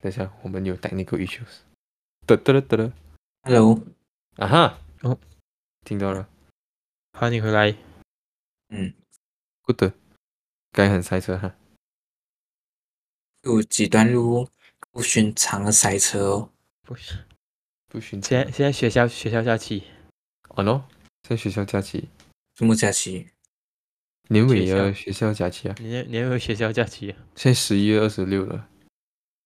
等一下，我們有 technical issues。得得得得，Hello，啊哈，哦，聽到了，歡迎回來。嗯，good，該很塞車哈。有幾段路不尋常的塞車哦。不，不尋常。現在現在學校學校假期。哦，oh no，在學校假期。什麼假期？年尾啊，學校假期啊。年年尾學校假期啊。現在十一月二十六了。